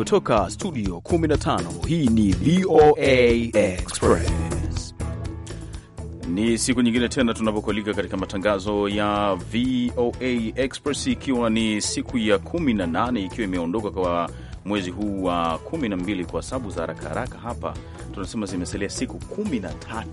kutoka studio 15 hii ni VOA Express ni siku nyingine tena tunapokualika katika matangazo ya VOA Express ikiwa ni siku ya 18 ikiwa imeondoka kwa mwezi huu wa 12 kwa sababu za haraka haraka hapa tunasema zimesalia siku 13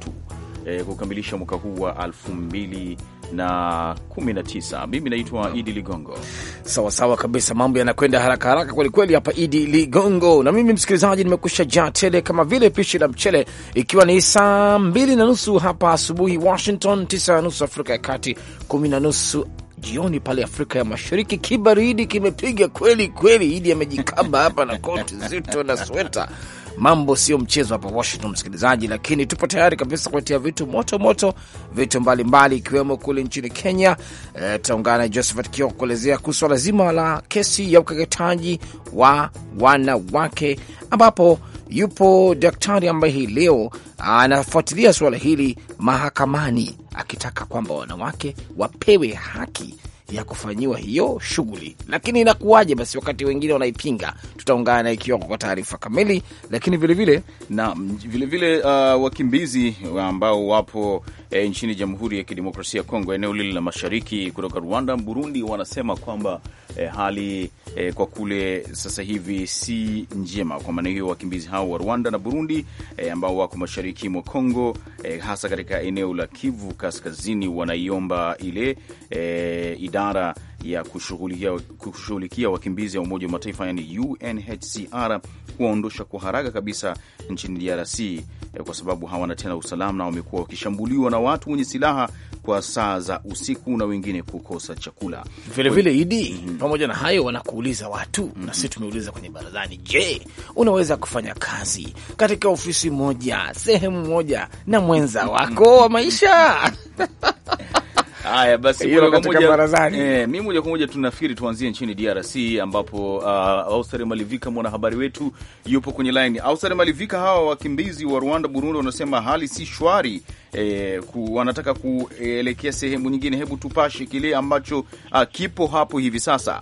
eh, kukamilisha mwaka huu wa 2019. Mimi naitwa Idi Ligongo. Sawa sawa kabisa, mambo yanakwenda haraka haraka kwelikweli hapa, Idi Ligongo. Na mimi msikilizaji, nimekusha jaa tele kama vile pishi la mchele, ikiwa ni saa mbili na nusu hapa asubuhi Washington, tisa na nusu Afrika ya Kati, kumi na nusu jioni pale Afrika ya Mashariki. Kibaridi kimepiga kweli kweli, Idi amejikamba hapa na koti zito na sweta Mambo sio mchezo hapa Washington, msikilizaji, lakini tupo tayari kabisa kuletea vitu moto moto, vitu mbalimbali ikiwemo mbali kule nchini Kenya. E, tutaungana na Josephat Kioko kuelezea kuhusu swala zima la kesi ya ukeketaji wa wanawake, ambapo yupo daktari ambaye hii leo anafuatilia suala hili mahakamani akitaka kwamba wanawake wapewe haki ya kufanyiwa hiyo shughuli. Lakini inakuwaje basi wakati wengine wanaipinga? Tutaungana na Ikiwako kwa taarifa kamili, lakini vilevile na vilevile uh, wakimbizi ambao wapo eh, nchini Jamhuri ya Kidemokrasia ya Kongo, eneo lile la mashariki kutoka Rwanda, Burundi, wanasema kwamba eh, hali eh, kwa kule sasa hivi si njema. Kwa maana hiyo wakimbizi hao wa Rwanda na Burundi eh, ambao wako mashariki mwa Kongo eh, hasa katika eneo la Kivu Kaskazini wanaiomba ile eh, idara ya kushughulikia wakimbizi ya Umoja wa Mataifa yani UNHCR kuwaondosha kwa haraka kabisa nchini DRC eh, kwa sababu hawana tena usalama na wamekuwa wakishambuliwa na watu wenye silaha kwa saa za usiku na wengine kukosa chakula vilevile. Vile idi mm -hmm. Pamoja na hayo wanakuuliza watu mm -hmm. na mhm. sisi tumeuliza kwenye barazani, je, unaweza kufanya kazi katika ofisi moja sehemu moja na mwenza wako wa maisha Haya basi, mimi eh, moja kwa moja tunafikiri tuanzie nchini DRC ambapo uh, Ausare Malivika mwanahabari wetu yupo kwenye line. Ausare Malivika, hawa wakimbizi wa Rwanda, Burundi wanasema hali si shwari eh, ku, wanataka kuelekea sehemu nyingine. Hebu tupashe kile ambacho uh, kipo hapo hivi sasa.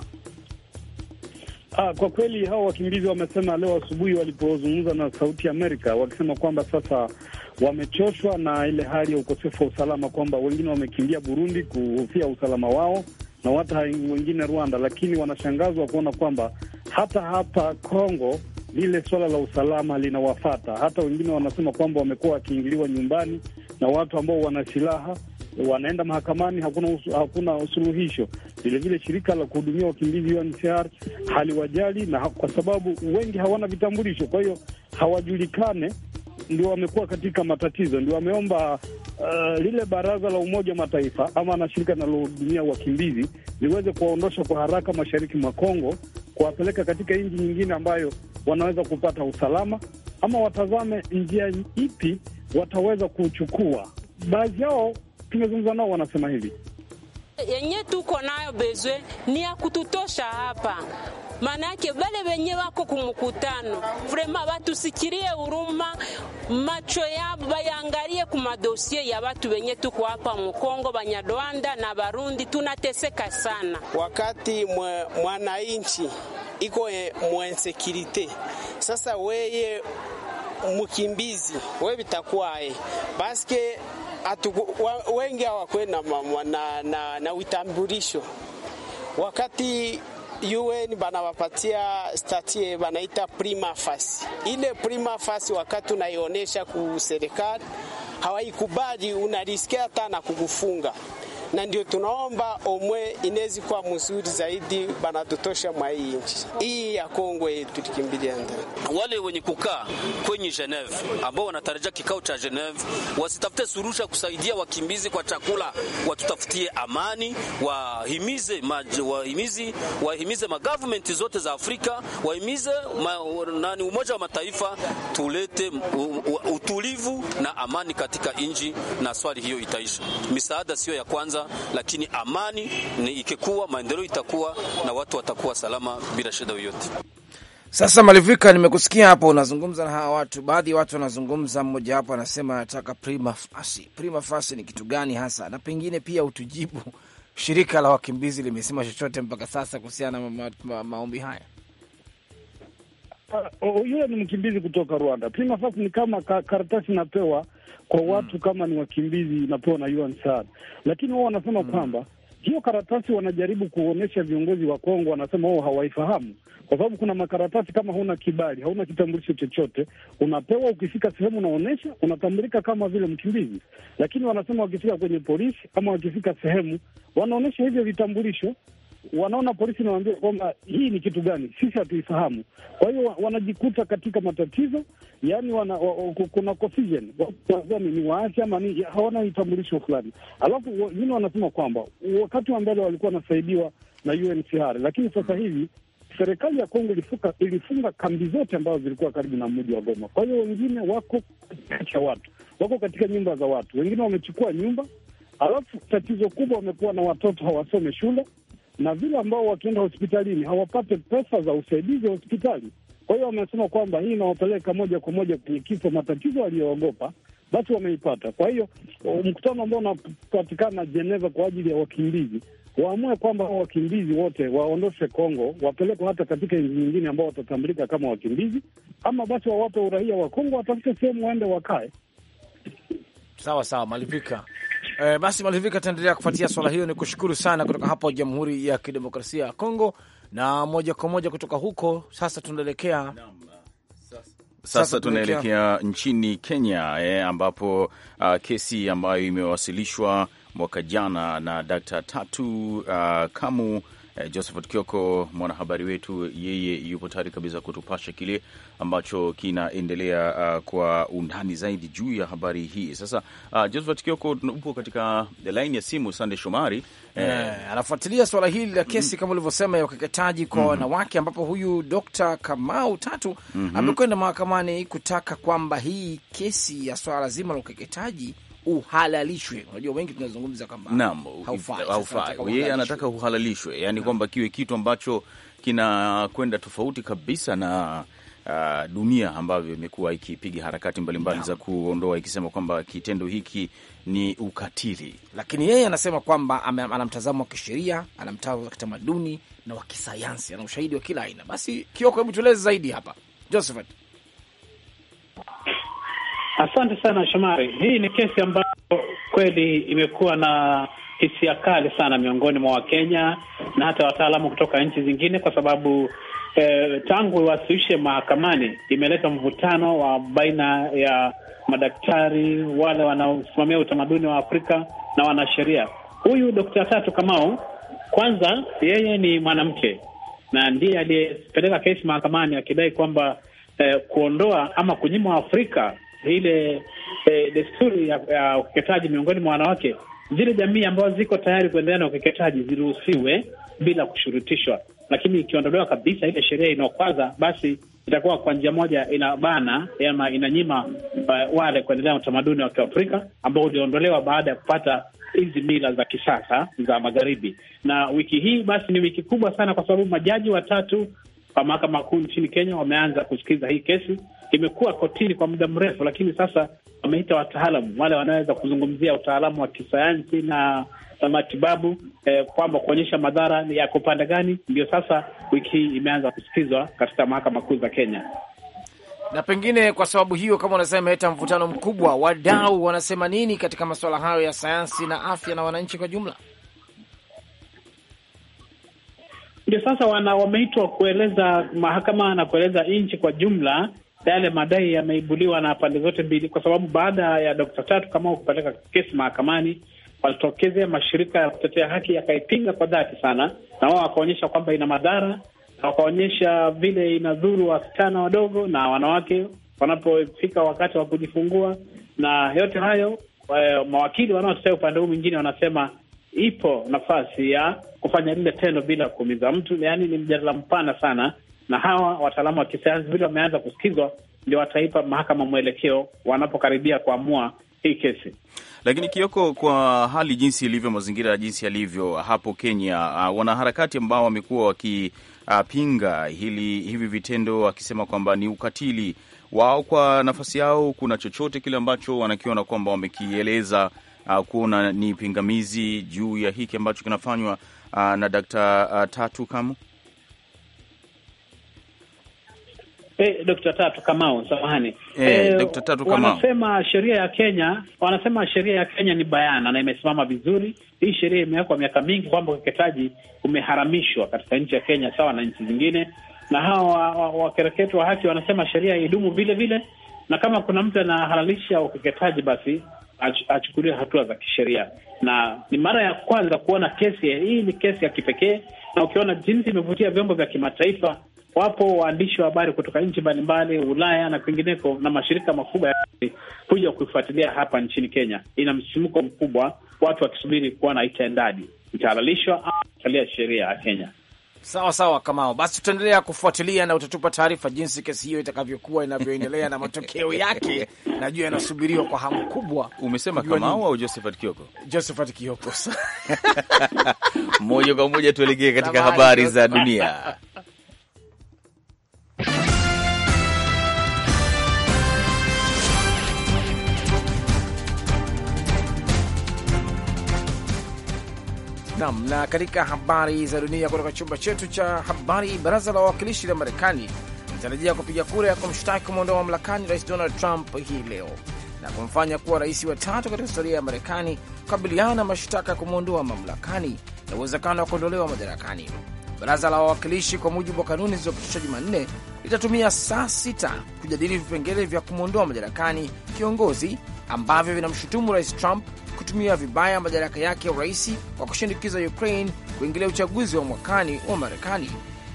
Ah, kwa kweli hao wakimbizi wamesema leo asubuhi walipozungumza na Sauti Amerika wakisema kwamba sasa wamechoshwa na ile hali ya ukosefu wa usalama, kwamba wengine wamekimbia Burundi kuhofia usalama wao na hata wengine Rwanda, lakini wanashangazwa kuona kwamba hata hapa Kongo lile suala la usalama linawafata. Hata wengine wanasema kwamba wamekuwa wakiingiliwa nyumbani na watu ambao wana silaha wanaenda mahakamani, hakuna usu, hakuna suluhisho. Vilevile shirika la kuhudumia wakimbizi UNHCR haliwajali na ha, kwa sababu wengi hawana vitambulisho, kwa hiyo hawajulikane, ndio wamekuwa katika matatizo, ndio wameomba Uh, lile baraza la Umoja wa Mataifa ama na shirika linalohudumia wakimbizi liweze kuwaondosha kwa haraka mashariki mwa Kongo, kuwapeleka katika nchi nyingine ambayo wanaweza kupata usalama, ama watazame njia ipi wataweza kuchukua. Baadhi yao tumezungumza nao wanasema hivi, yenye tuko nayo bezwe ni ya kututosha hapa yake bale wenye wako kumukutano vrema watusikirie huruma, macho yabo bayangalie kumadosie ya watu wenye tuko hapa Mukongo. Banyarwanda na Barundi tunateseka sana, wakati mwananchi iko e mwensekirite. Sasa weye mukimbizi we bitakuwaye baske atu, wa, wengi hawakwenda na, na, na, na utambulisho wakati UN banawapatia statie banaita prima facie. Ile prima facie wakati unaionyesha ku serikali hawaikubali, unarisikia hata na kukufunga na ndio tunaomba omwe inezi kuwa mzuri zaidi, banatutosha mwa hii nchi hii ya Kongo yetu tukimbilia Wale wenye kukaa kwenye Geneve ambao wanatarajia kikao cha Geneve wasitafute surusha kusaidia wakimbizi kwa chakula, watutafutie amani, wahimize maj, wahimizi, wahimize magavumenti zote za Afrika, wahimize ma, nani Umoja wa Mataifa tulete utulivu na amani katika nchi, na swali hiyo itaisha. Misaada siyo ya kwanza lakini amani ni ikikuwa, maendeleo itakuwa na watu watakuwa salama bila shida yoyote. Sasa Malivika, nimekusikia hapo unazungumza na hawa watu, baadhi ya watu wanazungumza, mmoja wapo anasema anataka prima fasi. Prima fasi ni kitu gani hasa? Na pengine pia utujibu, shirika la wakimbizi limesema chochote mpaka sasa kuhusiana na ma ma maombi haya? Uh, yule ni mkimbizi kutoka Rwanda. Prima facie ni kama ka, karatasi inapewa kwa hmm. watu mm. kama ni wakimbizi inapewa na UNHCR, lakini wao wanasema mm. kwamba hiyo karatasi wanajaribu kuonyesha viongozi wa Kongo, wanasema wao hawaifahamu kwa sababu kuna makaratasi, kama huna kibali, hauna kitambulisho chochote, unapewa ukifika sehemu unaonyesha, unatambulika kama vile mkimbizi. Lakini wanasema wakifika kwenye polisi ama wakifika sehemu wanaonyesha hivyo vitambulisho, wanaona polisi inawaambia kwamba hii ni kitu gani, sisi hatuifahamu. Kwa hiyo wanajikuta katika matatizo, yani wana, wa, kuna confusion, ni waasi ama ni hawana utambulisho fulani. Alafu wengine wanasema kwamba wakati wa mbele walikuwa wanasaidiwa na UNHCR, lakini sasa hivi serikali ya Kongo ilifuka, ilifunga kambi zote ambazo zilikuwa karibu na mji wa Goma. Kwa hiyo wengine wako katika watu wako katika nyumba za watu, wengine wamechukua nyumba. Alafu tatizo kubwa wamekuwa na watoto hawasome shule na vile ambao wakienda hospitalini hawapate pesa za usaidizi wa hospitali. Kwa hiyo wamesema kwamba hii inawapeleka moja kwa moja kwenye kifo, matatizo aliyoogopa basi wameipata. Kwa hiyo uh, mkutano ambao unapatikana Jeneva kwa ajili ya wakimbizi waamue kwamba hao wakimbizi wote waondoshe Kongo, wapelekwe hata katika nchi nyingine ambao watatambulika kama wakimbizi, ama basi wawape uraia wa Kongo, watafute sehemu waende wakae. Sawa sawa, malivika Eh, basi Malivika, tutaendelea kufuatia swala hiyo. Ni kushukuru sana kutoka hapo Jamhuri ya Kidemokrasia ya Kongo, na moja kwa moja kutoka huko sasa tunaelekea eh, sasa tunaelekea nchini Kenya eh, ambapo uh, kesi ambayo imewasilishwa mwaka jana na Dkt. Tatu uh, Kamu Eh, Josephat Kioko, mwanahabari wetu, yeye yupo tayari kabisa kutupasha kile ambacho kinaendelea uh, kwa undani zaidi juu ya habari hii. Sasa uh, Josephat Kioko, upo katika laini ya simu. Sande Shomari eh, eh anafuatilia swala hili la kesi mm-hmm. kama ulivyosema ya ukeketaji kwa mm-hmm. wanawake, ambapo huyu Dr. Kamau Tatu mm-hmm. amekwenda mahakamani kutaka kwamba hii kesi ya swala zima la ukeketaji uhalalishwe. Unajua wengi tunazungumza kwamba haufai, yeye anataka uhalalishwe, yani kwamba kiwe kitu ambacho kinakwenda tofauti kabisa na Uh, dunia ambavyo imekuwa ikipiga harakati mbalimbali mbali za kuondoa ikisema kwamba kitendo hiki ni ukatili, lakini yeye anasema kwamba ana mtazamo wa kisheria, ana mtazamo wa kitamaduni na wa kisayansi, ana ushahidi wa kila aina. Basi Kioko, hebu tueleze zaidi hapa Josephat. Asante sana Shomari. Hii ni kesi ambayo kweli imekuwa na hisia kali sana miongoni mwa Wakenya na hata wataalamu kutoka nchi zingine, kwa sababu eh, tangu iwasilishe mahakamani imeleta mvutano wa baina ya madaktari wale wanaosimamia utamaduni wa Afrika na wanasheria. Huyu Dokta Tatu Kamau, kwanza yeye ni mwanamke na ndiye aliyepeleka kesi mahakamani akidai kwamba eh, kuondoa ama kunyima afrika ile eh, desturi ya, ya ukeketaji miongoni mwa wanawake, zile jamii ambazo ziko tayari kuendelea na ukeketaji ziruhusiwe bila kushurutishwa. Lakini ikiondolewa kabisa ile sheria inaokwaza, basi itakuwa kwa njia moja inabana ama inanyima uh, wale kuendelea na utamaduni wa Kiafrika ambao uliondolewa baada ya kupata hizi mila za kisasa za magharibi. Na wiki hii basi ni wiki kubwa sana, kwa sababu majaji watatu wa mahakama kuu nchini Kenya wameanza kusikiza hii kesi imekuwa kotini kwa muda mrefu, lakini sasa wameita wataalamu wale wanaweza kuzungumzia utaalamu wa kisayansi na na matibabu eh, kwamba kuonyesha madhara yako pande gani. Ndio sasa wiki hii imeanza kusikizwa katika mahakama kuu za Kenya, na pengine kwa sababu hiyo, kama unasema, imeleta mvutano mkubwa. Wadau wanasema nini katika masuala hayo ya sayansi na afya na wananchi kwa jumla? Ndio sasa wana wameitwa kueleza mahakama na kueleza nchi kwa jumla yale madai yameibuliwa na pande zote mbili, kwa sababu baada ya Dokta Tatu kama kupeleka kesi mahakamani walitokezea mashirika ya kutetea haki yakaipinga kwa dhati sana, na wao wakaonyesha kwamba ina madhara na wakaonyesha vile inadhuru wasichana wadogo na wanawake wanapofika wakati wa kujifungua. Na yote hayo, eh, mawakili wanaotetea upande huu mwingine wanasema ipo nafasi ya kufanya lile tendo bila kuumiza mtu, yaani ni mjadala mpana sana na hawa wataalamu wa kisiasa vile wameanza kusikizwa, ndio wataipa mahakama mwelekeo wanapokaribia kuamua hii kesi. Lakini Kioko, kwa hali jinsi ilivyo, mazingira jinsi yalivyo hapo Kenya, uh, wanaharakati ambao wamekuwa wakipinga uh, hili hivi vitendo, wakisema kwamba ni ukatili wao, kwa nafasi yao, kuna chochote kile ambacho wanakiona kwamba wamekieleza uh, kuona ni pingamizi juu ya hiki ambacho kinafanywa uh, na Dakta uh, Tatu Kamu? Eh, Dr. Tatu Kamau, samahani. Eh, eh, Dr. Tatu Kamau. Wanasema sheria ya Kenya, wanasema sheria ya Kenya ni bayana na imesimama vizuri. Hii sheria imewekwa miaka mingi kwamba ukeketaji umeharamishwa katika nchi ya Kenya sawa na nchi zingine, na hawa wakereketwa wa haki wanasema sheria idumu vile vile, na kama kuna mtu anahalalisha ukeketaji basi achukuliwe hatua za kisheria. Na ni mara ya kwanza kuona kesi hii, ni kesi ya kipekee, na ukiona jinsi imevutia vyombo vya kimataifa wapo waandishi wa habari kutoka nchi mbalimbali Ulaya na kwingineko na mashirika makubwa ya habari kuja kuifuatilia hapa nchini Kenya. Ina msisimko mkubwa, watu wakisubiri kuona itaendaje, itahalalishwa au italia sheria ya Kenya. Sawa sawa, Kamao, basi tutaendelea kufuatilia na utatupa taarifa jinsi kesi hiyo itakavyokuwa inavyoendelea na matokeo yake, najua yanasubiriwa kwa hamu kubwa. Umesema Kamao au Josephat Kioko? Josephat Kioko. Moja kwa moja tuelekee katika habari za dunia. Nam na, katika habari za dunia kutoka chumba chetu cha habari, baraza la wawakilishi la Marekani linatarajia kupiga kura ya kumshtaki kumwondoa mamlakani rais Donald Trump hii leo na kumfanya kuwa rais wa tatu katika historia ya Marekani kukabiliana na mashtaka ya kumwondoa mamlakani na uwezekano wa kuondolewa madarakani. Baraza la wawakilishi, kwa mujibu wa kanuni zilizopitishwa Jumanne, litatumia saa sita kujadili vipengele vya kumwondoa madarakani kiongozi ambavyo vinamshutumu rais Trump kutumia vibaya madaraka yake ya urais kwa kushinikiza Ukraine kuingilia uchaguzi wa mwakani wa Marekani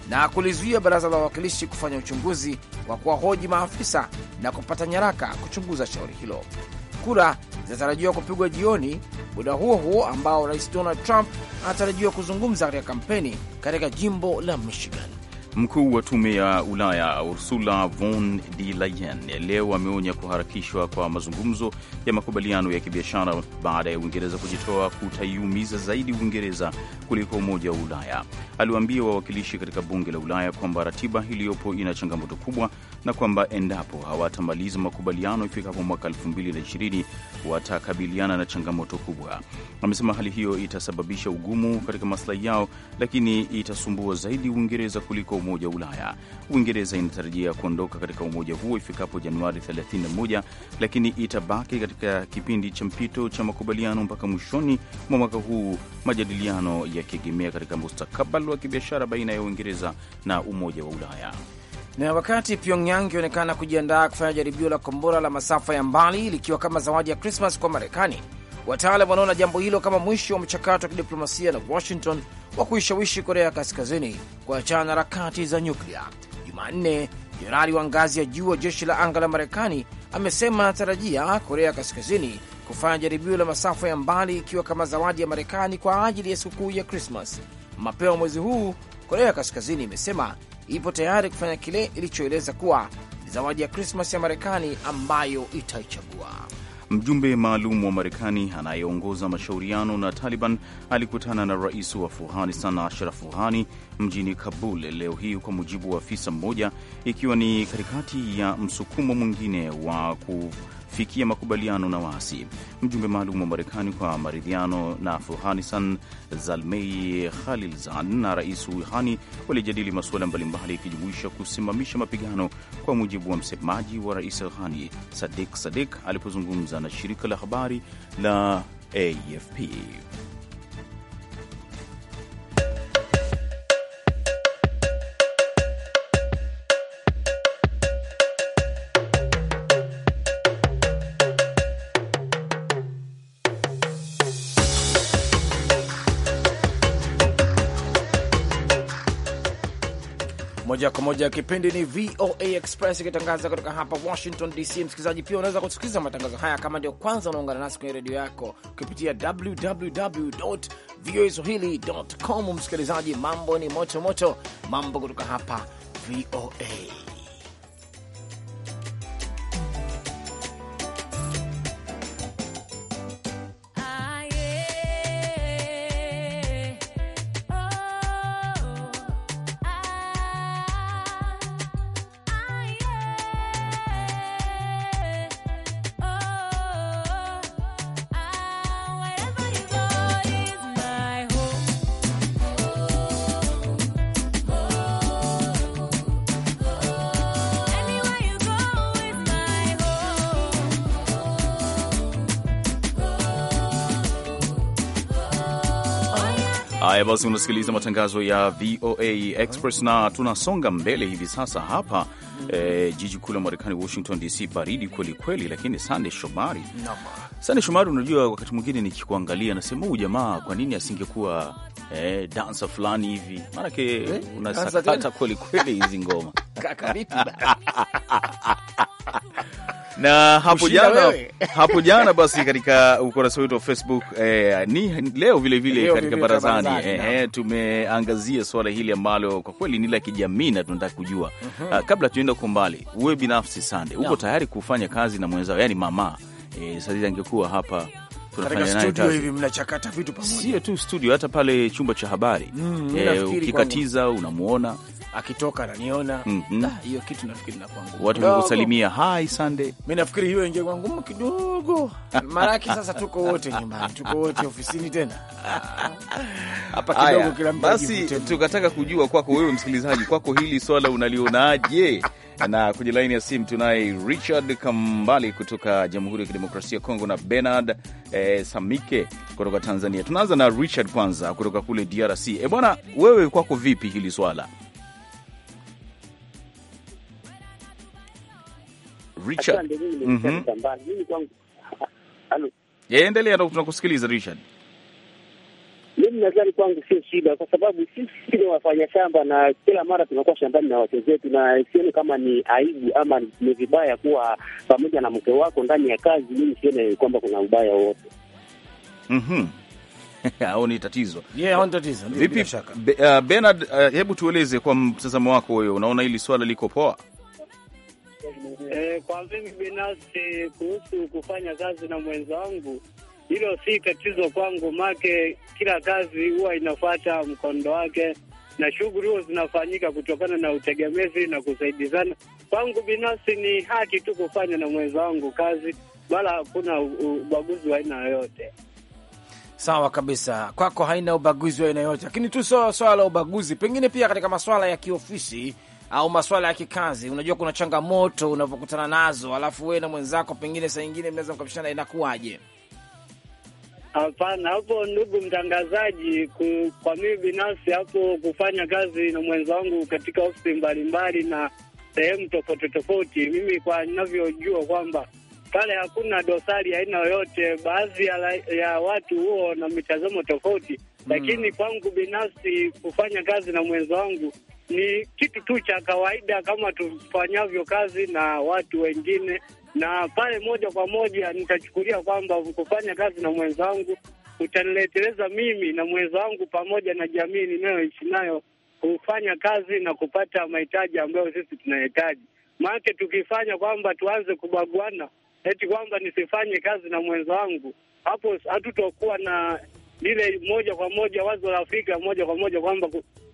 na kulizuia baraza la wawakilishi kufanya uchunguzi wa kuwahoji maafisa na kupata nyaraka kuchunguza shauri hilo. Kura zinatarajiwa kupigwa jioni, muda huo huo ambao rais Donald Trump anatarajiwa kuzungumza katika kampeni katika jimbo la Michigan. Mkuu wa tume ya Ulaya Ursula von der Leyen leo ameonya kuharakishwa kwa mazungumzo ya makubaliano ya kibiashara baada ya Uingereza kujitoa kutaiumiza zaidi Uingereza kuliko Umoja wa Ulaya. Aliwaambia wawakilishi katika Bunge la Ulaya kwamba ratiba iliyopo ina changamoto kubwa na kwamba endapo hawatamaliza makubaliano ifikapo mwaka 2020 watakabiliana na changamoto kubwa. Amesema hali hiyo itasababisha ugumu katika maslahi yao, lakini itasumbua zaidi Uingereza kuliko Umoja wa Ulaya. Uingereza inatarajia kuondoka katika umoja huo ifikapo Januari 31, lakini itabaki katika kipindi cha mpito cha makubaliano mpaka mwishoni mwa mwaka huu, majadiliano yakiegemea katika mustakabali wa kibiashara baina ya Uingereza na Umoja wa Ulaya. Na wakati Pyongyang ikionekana kujiandaa kufanya jaribio la kombora la masafa ya mbali likiwa kama zawadi ya Krismas kwa Marekani, Wataalam wanaona jambo hilo kama mwisho wa mchakato wa kidiplomasia na Washington wa kuishawishi Korea Kaskazini kuachana na harakati za nyuklia. Jumanne, jenerali wa ngazi ya juu wa jeshi la anga la Marekani amesema anatarajia Korea Kaskazini kufanya jaribio la masafa ya mbali ikiwa kama zawadi ya Marekani kwa ajili ya sikukuu ya Krismas. Mapema mwezi huu, Korea Kaskazini imesema ipo tayari kufanya kile ilichoeleza kuwa ni zawadi ya Krismas ya Marekani ambayo itaichagua. Mjumbe maalum wa Marekani anayeongoza mashauriano na Taliban alikutana na rais wa Afghanistan Ashraf Ghani mjini Kabul leo hii, kwa mujibu wa afisa mmoja, ikiwa ni katikati ya msukumo mwingine wa ku kufikia makubaliano na waasi. Mjumbe maalum wa Marekani kwa maridhiano na Afghanistan, Zalmei Khalilzad na Rais Ruhani walijadili masuala mbalimbali ikijumuisha kusimamisha mapigano, kwa mujibu wa msemaji wa Rais Ruhani Sadik Sadik alipozungumza na shirika la habari la AFP. moja kwa moja. Kipindi ni VOA Express ikitangaza kutoka hapa Washington DC. Msikilizaji, pia unaweza kusikiliza matangazo haya kama ndio kwanza unaungana nasi kwenye redio yako kupitia www voa swahili.com. Msikilizaji, mambo ni moto moto, mambo kutoka hapa VOA. Haya basi, unasikiliza matangazo ya VOA Express na tunasonga mbele hivi sasa hapa eh, jiji kuu la Marekani, Washington DC. Baridi kweli kweli, lakini Sande Shomari, Sande Shomari, unajua wakati mwingine nikikuangalia nasema huu jamaa kwa nini asingekuwa eh, dansa fulani hivi, maanake eh, unasakata kweli kweli hizi ngoma kaka vipi na hapo jana, hapo jana basi katika ukurasa wetu wa Facebook eh, ni leo vilevile vile katika barazani eh, tumeangazia suala hili ambalo kwa kweli ni la kijamii na tunataka kujua mm -hmm. Uh, kabla tuenda kwa mbali, wewe binafsi Sande uko no. tayari kufanya kazi na mwenzao yani mama eh, sasa angekuwa hapa hivi mnachakata vitu pamoja, sio tu studio, hata pale chumba cha habari mm, eh, ukikatiza unamwona akitoka ananiona mhm. ah, Hiyo kitu nafikiri na kwangu watu wakusalimia hi Sande, mi nafikiri hiyo ingia kwangu kidogo, maanake sasa tuko wote nyumbani, tuko wote ofisini tena hapa kidogo, kila mtu basi. Tukataka kujua kwako wewe msikilizaji, kwako hili swala unalionaje? na kwenye laini ya simu tunaye Richard Kambali kutoka Jamhuri ya Kidemokrasia ya Kongo na Bernard eh, Samike kutoka Tanzania. Tunaanza na Richard kwanza kutoka kule DRC. E eh, bwana, wewe kwako vipi hili swala? Richard, mhm. endelea, tunakusikiliza Richard. Mimi nadhani kwangu sio shida, kwa sababu sisi ni wafanya shamba na kila mara tunakuwa shambani na zetu, na sioni kama ni aibu ama ni vibaya kuwa pamoja na mke wako ndani ya kazi. Mimi sioni kwamba kuna ubaya wowote. mm-hmm. au ni tatizo yeah, tatizo vipi? Be, uh, Bernard, uh, hebu tueleze kwa mtazamo wako wewe, unaona hili swala liko poa? E, kwa mimi binafsi kuhusu kufanya kazi na mwenzangu, hilo si tatizo kwangu, make kila kazi huwa inafuata mkondo wake na shughuli huo zinafanyika kutokana na utegemezi na kusaidizana. Kwangu binafsi ni haki tu kufanya na mwenzangu kazi, wala hakuna ubaguzi wa aina yoyote. Sawa kabisa, kwako haina ubaguzi wa aina yoyote, lakini tu swala la ubaguzi pengine pia katika masuala ya kiofisi au maswala ya kikazi, unajua kuna changamoto unavyokutana nazo, alafu wewe na mwenzako pengine saa nyingine mnaweza mkapishana, inakuwaje? Hapana, hapo ndugu mtangazaji, ku, kwa mimi binafsi hapo kufanya kazi na mwenza wangu katika ofisi mbalimbali na sehemu tofauti tofauti, mimi kwa ninavyojua kwamba pale hakuna dosari aina yoyote. Baadhi ya, ya watu huo na mitazamo tofauti, hmm. lakini mm, kwangu binafsi kufanya kazi na mwenza wangu ni kitu tu cha kawaida kama tufanyavyo kazi na watu wengine, na pale moja kwa moja nitachukulia kwamba kufanya kazi na mwenzangu utaniletereza mimi na mwenzangu pamoja na jamii ninayoishi nayo kufanya kazi na kupata mahitaji ambayo sisi tunahitaji. Maanake tukifanya kwamba tuanze kubaguana eti kwamba nisifanye kazi na mwenzangu, hapo hatutokuwa na lile moja kwa moja wazo la Afrika moja kwa moja kwamba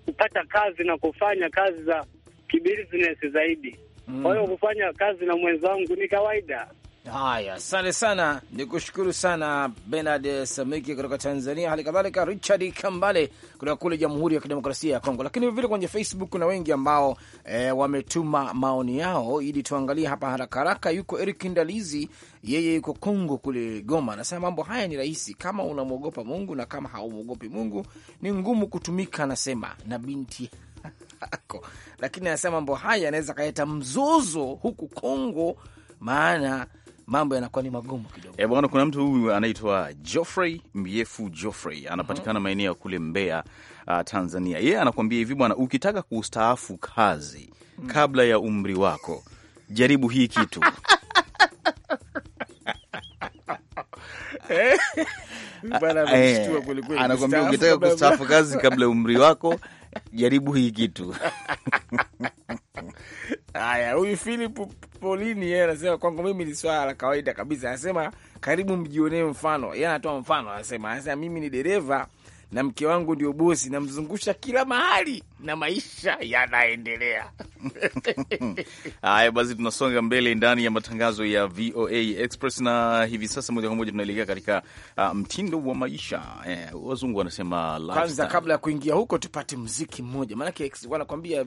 kupata kazi na kufanya kazi za kibusiness zaidi. Mm. Kwa hiyo mm, kufanya kazi na mwenzangu ni kawaida. Haya, asante sana, ni kushukuru sana Benard Samiki kutoka Tanzania, hali kadhalika Richard Kambale kutoka kule Jamhuri ya Kidemokrasia ya Kongo. Lakini vilevile kwenye Facebook kuna wengi ambao e, wametuma maoni yao, ili tuangalie hapa haraka haraka. Yuko Eric Ndalizi, yeye yuko Kongo kule Goma, anasema mambo haya ni rahisi kama unamwogopa Mungu, na kama haumwogopi Mungu ni ngumu kutumika, anasema na binti ako Lakini anasema mambo haya yanaweza kaleta mzozo huku Kongo, maana mambo yanakuwa ni magumu kidogo. Eh, bwana, kuna mtu huyu anaitwa Geoffrey Mbiefu Geoffrey anapatikana maeneo ya kule Mbeya, uh, Tanzania. Yeye anakuambia hivi bwana, ukitaka kustaafu kazi kabla ya umri wako, jaribu hii kitu eh, eh, anakwambia ukitaka kustaafu kazi kabla ya umri wako jaribu hii kitu haya. Huyu Philip Polini yeye anasema kwangu mimi ni swala la kawaida kabisa. Anasema karibu mjionee mfano, yeye anatoa mfano, anasema anasema mimi ni dereva na mke wangu ndio bosi, namzungusha kila mahali na maisha yanaendelea. Haya basi, tunasonga mbele ndani ya matangazo ya VOA Express, na hivi sasa moja kwa moja tunaelekea katika uh, mtindo wa maisha eh, wazungu wanasema lifestyle. Kwanza kabla ya kuingia huko, tupate mziki mmoja, maanake wanakwambia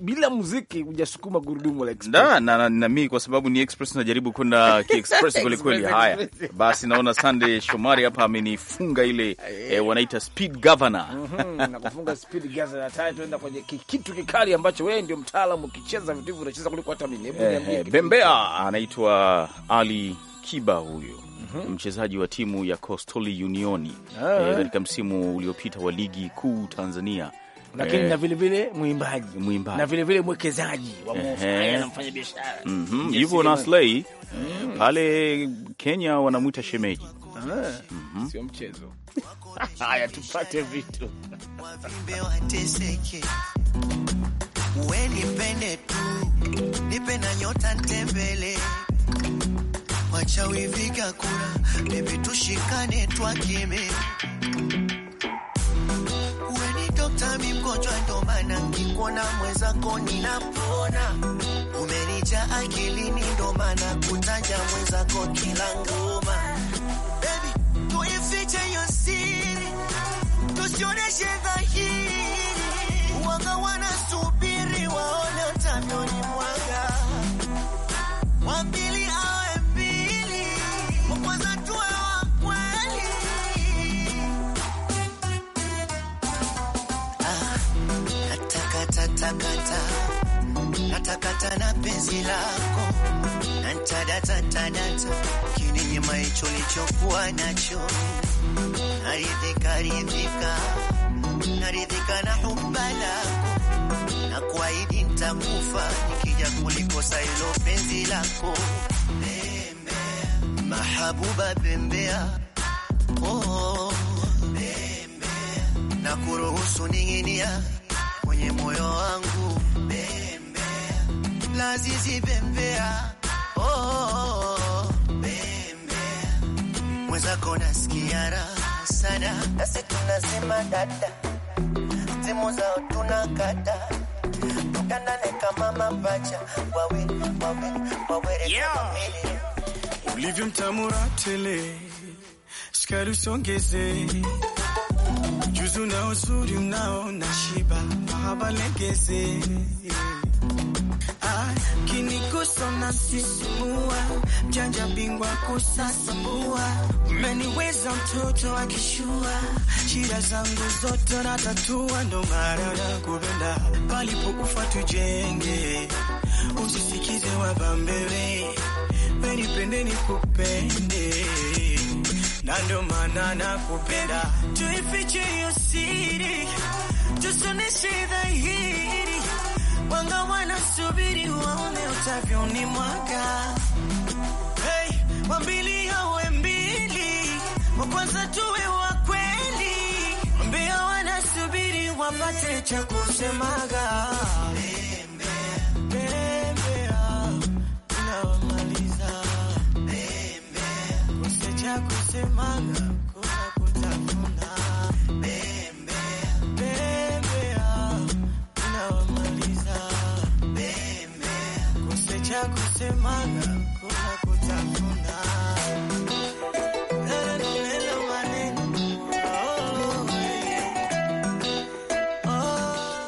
bila muziki hujasukuma gurudumu la express. Na, na, na, na mi kwa sababu ni express najaribu kwenda kiexpress kweli kweli. Haya basi, naona Sande Shomari hapa amenifunga ile e, wanaita speed governor mm -hmm, na kufunga speed governor tuenda kwenye kitu kikali ambacho wewe ndio mtaalamu, ukicheza vitu hivyo unacheza kuliko hata mimi. Hebu niambie, eh, bembea anaitwa Ali Kiba huyo mhm. mchezaji wa timu ya kostoli Unioni katika ah, e, msimu uliopita wa ligi kuu Tanzania lakini eh. na vile vile mwimbaji, mwimbaji na vile vile mwekezaji wa eh, na mfanya biashara mm -hmm. Yupo na Slay mm. Pale Kenya wanamwita shemeji mm -hmm. Sio mchezo. Haya, tupate vitu tu nipe na nyota ntembele, kura, tushikane mgonjwa, ndo maana nikikuona mwenzako ninapona. Umenija akilini, ndo maana kutaja mwenzako kila ngoma. Baby, tuifiche hiyo siri, tusioneshe dhahiri tata na penzi lako na ntadatatanata ukininyima hicho lichokuwa nacho, naridhika ridhika, naridhika na hubba lako na kuahidi nitakufa nikija kulikosa hilo penzi lako. Bembea mahabuba, bembea oh, bembea na kuruhusu ning'inia kwenye moyo wangu kabla zizipembea oh, oh, oh. Mwenzako nasikia raha sana, nasi tunasema dada, simu zao tunakata tutanane kama mapacha wawe wawe wawe yeah. Ulivyo mtamura tele, sukari usongeze, juzu na uzuri mnao na shiba mahaba legeze yeah unamsisimua, mjanja bingwa kusasambua, umeniweza mtoto akishua, shida zangu zote natatua, ndo mara na nakupenda, palipo ufa tujenge, usisikize wabambele, wenipende kupende na ndo na kupenda tuifiche hiyo siri, tusoneshe dhahiri Wanga wanasubiri waone Hey, wambili awe mbili, wa kwanza tuwe wa kweli. wanasubiri wapate cha kusemaga. Kusemaga kusemana kuna kutafuna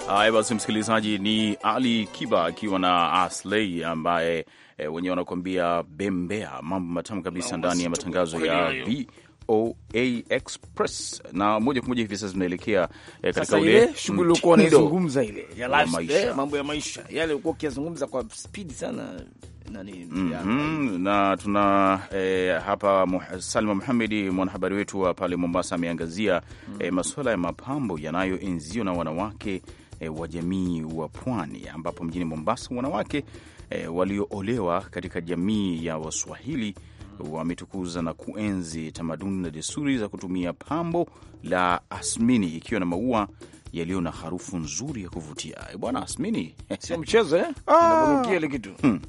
Haya basi, msikilizaji, ni Ali Kiba akiwa na Aslei ambaye e, wenyewe wanakuambia bembea. Mambo matamu kabisa ndani ya matangazo ya VOA Express, na moja kwa moja hivi sasa tunaelekea e, katika ule shughuli uliokuwa unaizungumza ile ya eh, mambo ya maisha yale, ulikuwa ukiyazungumza kwa spidi sana nani, mm -hmm. na tuna eh, hapa Salma Muhamedi, mwanahabari wetu wa pale Mombasa, ameangazia mm -hmm. eh, masuala ya mapambo yanayoenziwa na wanawake eh, wa jamii wa pwani, ambapo mjini Mombasa wanawake eh, walioolewa katika jamii ya Waswahili mhm. wametukuza na kuenzi tamaduni na desturi za kutumia pambo la asmini ikiwa na maua yaliyo na harufu nzuri ya kuvutia. Eh, bwana, asmini sio mchezo eh? Ah, ile kitu hmm.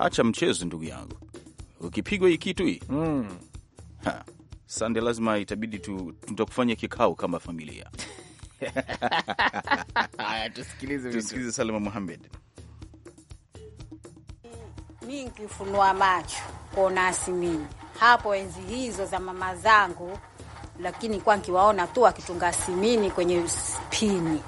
Acha mchezo ndugu yangu, ukipigwa hii kitu hii mm. Sande, lazima itabidi tutakufanya kikao kama familia. Tusikilize, tusikilize Salma Muhamed. Mi nkifunua macho kuona asimini hapo enzi hizo za mama zangu, lakini kwa nkiwaona tu akitunga simini kwenye spini,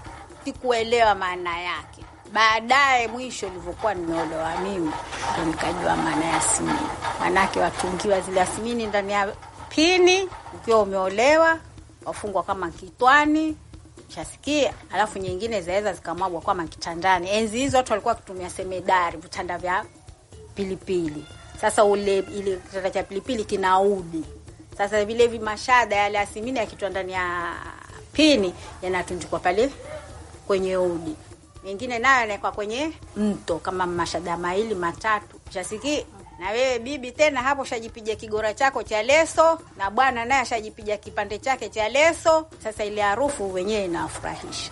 sikuelewa maana yake Baadaye mwisho ilivyokuwa nimeolewa mimi ndo nikajua maana ya simini, maanake watungiwa zile asimini ndani ya pini, ukiwa umeolewa wafungwa kama kitwani chasikia, alafu nyingine zaweza zikamwagwa kama kitandani. Enzi hizo watu walikuwa wakitumia semedari, vitanda vya pilipili. Sasa ule ile kitanda cha pilipili kinaudi. Sasa vile vimashada yale asimini yakitwa ndani ya pini yanatundikwa pale kwenye udi nyingine nayo naekwa kwenye mto kama mashada maili matatu shasiki na wewe bibi tena hapo shajipiga kigora chako cha leso, na bwana naye shajipiga kipande chake cha leso. Sasa ile harufu wenyewe inawafurahisha.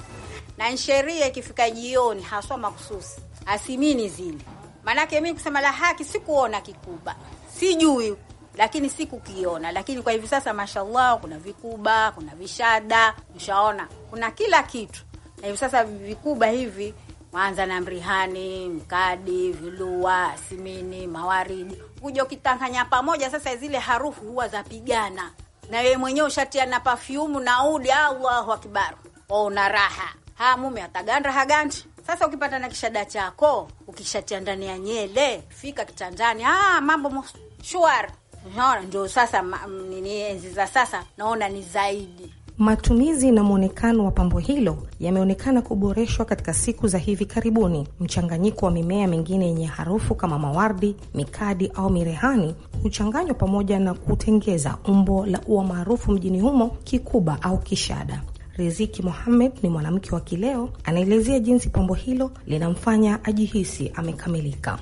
Na nsheria ikifika jioni, haswa makususi asimini zile, maanake mi kusema la haki sikuona kikuba, sijui lakini sikukiona. Lakini kwa hivi sasa, mashallah, kuna vikuba, kuna vishada, mshaona, kuna kila kitu na hivi sasa vikubwa hivi Mwanza na mrihani, mkadi, vilua, simini, mawaridi kuja ukitanganya pamoja, sasa zile harufu huwa zapigana, na wewe mwenyewe ushatia na pafyumu na udi. Allahu akbar, oh, una raha ha mume ataganda haganti Sasa ukipata na kishada chako ukishatia ndani ya nyele, fika kitandani, ah, mambo shwari. Unaona, ndio sasa nini, enzi za sasa naona ni zaidi Matumizi na mwonekano wa pambo hilo yameonekana kuboreshwa katika siku za hivi karibuni. Mchanganyiko wa mimea mingine yenye harufu kama mawardi, mikadi au mirehani huchanganywa pamoja na kutengeza umbo la ua maarufu mjini humo, kikuba au kishada. Riziki Mohamed ni mwanamke wa kileo, anaelezea jinsi pambo hilo linamfanya ajihisi amekamilika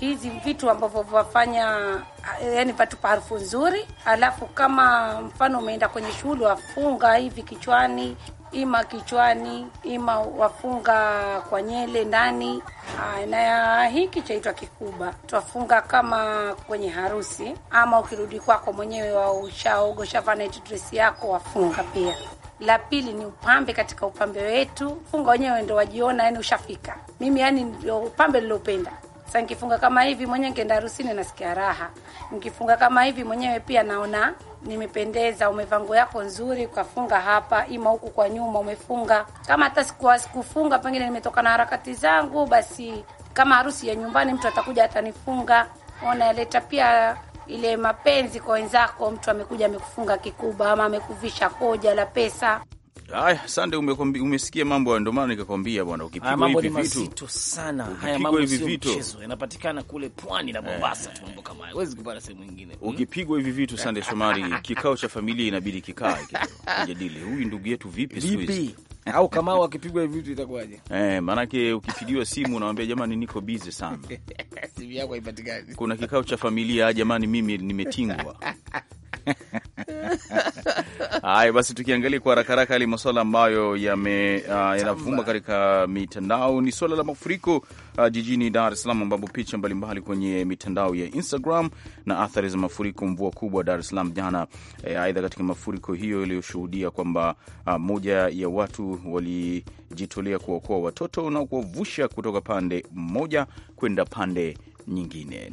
hizi vitu ambavyo vafanya yani vatupa harufu nzuri. Alafu kama mfano umeenda kwenye shughuli, wafunga hivi kichwani, ima kichwani, ima wafunga kwa nyele ndani, na hiki chaitwa kikuba, twafunga kama kwenye harusi, ama ukirudi kwako mwenyewe wa shava yako wafunga pia. La pili ni upambe. Katika upambe wetu funga wenyewe ndo wajiona, yani ushafika. Mimi yani ndio upambe niliopenda. Sasa nikifunga kama hivi mwenyewe nikienda harusini nasikia raha. Nikifunga kama hivi mwenyewe pia naona nimependeza, umevango yako nzuri ukafunga hapa ima huku kwa nyuma umefunga. Kama hata sikuwa sikufunga, pengine nimetoka na harakati zangu, basi kama harusi ya nyumbani mtu atakuja atanifunga. Ona leta pia ile mapenzi kwa wenzako, mtu amekuja amekufunga kikubwa ama amekuvisha koja la pesa. Haya, Sande, umesikia mambo hayo, ndio maana nikakwambia bwana, ukipigwa hivi vitu sana, haya mambo yanapatikana kule pwani na Mombasa eh. tu, mambo kama hayo huwezi kupata sehemu nyingine. Hmm? Ukipigwa hivi vitu, Sande Shomari, kikao cha familia inabidi kikae huyu ndugu yetu vipi siku hizi au kama wakipigwa hivi vitu itakuwaje? Eh, maanake ukipigiwa simu unawambia jamani, niko bize sana, simu yako haipatikani, kuna kikao cha familia, ah, jamani, mimi nimetingwa Haya basi, tukiangalia kwa haraka haraka yale masuala ambayo yanavuma uh, katika mitandao ni suala la mafuriko uh, jijini Dar es Salaam, ambapo picha mbalimbali kwenye mitandao ya Instagram na athari za mafuriko mvua kubwa Dar es Salaam jana. Eh, aidha katika mafuriko hiyo iliyoshuhudia kwamba uh, moja ya watu walijitolea kuwaokoa watoto na kuwavusha kutoka pande moja kwenda pande nyingine.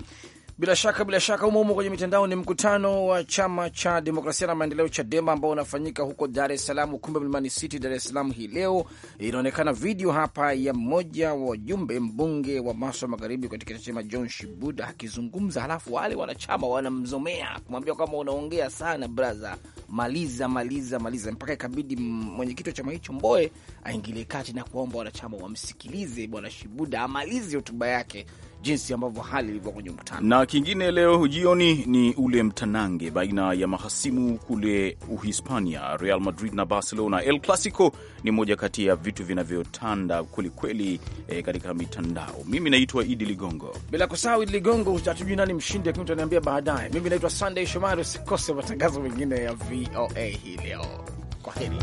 Bila shaka bila shaka, humo humo kwenye mitandao ni mkutano wa chama cha demokrasia na maendeleo Chadema ambao unafanyika huko Dar es Salaam, ukumbi Mlimani City, Dar es Salaam hii leo. Inaonekana video hapa ya mmoja wa jumbe mbunge wa Maswa Magharibi katika chama John Shibuda akizungumza, halafu wale wanachama wanamzomea kumwambia kwamba unaongea sana braza, maliza maliza maliza, mpaka ikabidi mwenyekiti wa chama hicho Mboe aingilie kati na kuomba wanachama wamsikilize bwana Shibuda amalize hotuba yake jinsi ambavyo hali ilivyo kwenye mkutano. Na kingine leo jioni ni ule mtanange baina ya mahasimu kule Uhispania, Real Madrid na Barcelona. El Clasico ni moja kati ya vitu vinavyotanda kwelikweli e, eh, katika mitandao. Mimi naitwa Idi Ligongo, bila kusahau Idi Ligongo utatujui nani mshindi, lakini utaniambia baadaye. Mimi naitwa Sunday Shomari. Usikose matangazo mengine ya VOA hii leo. Kwa heri.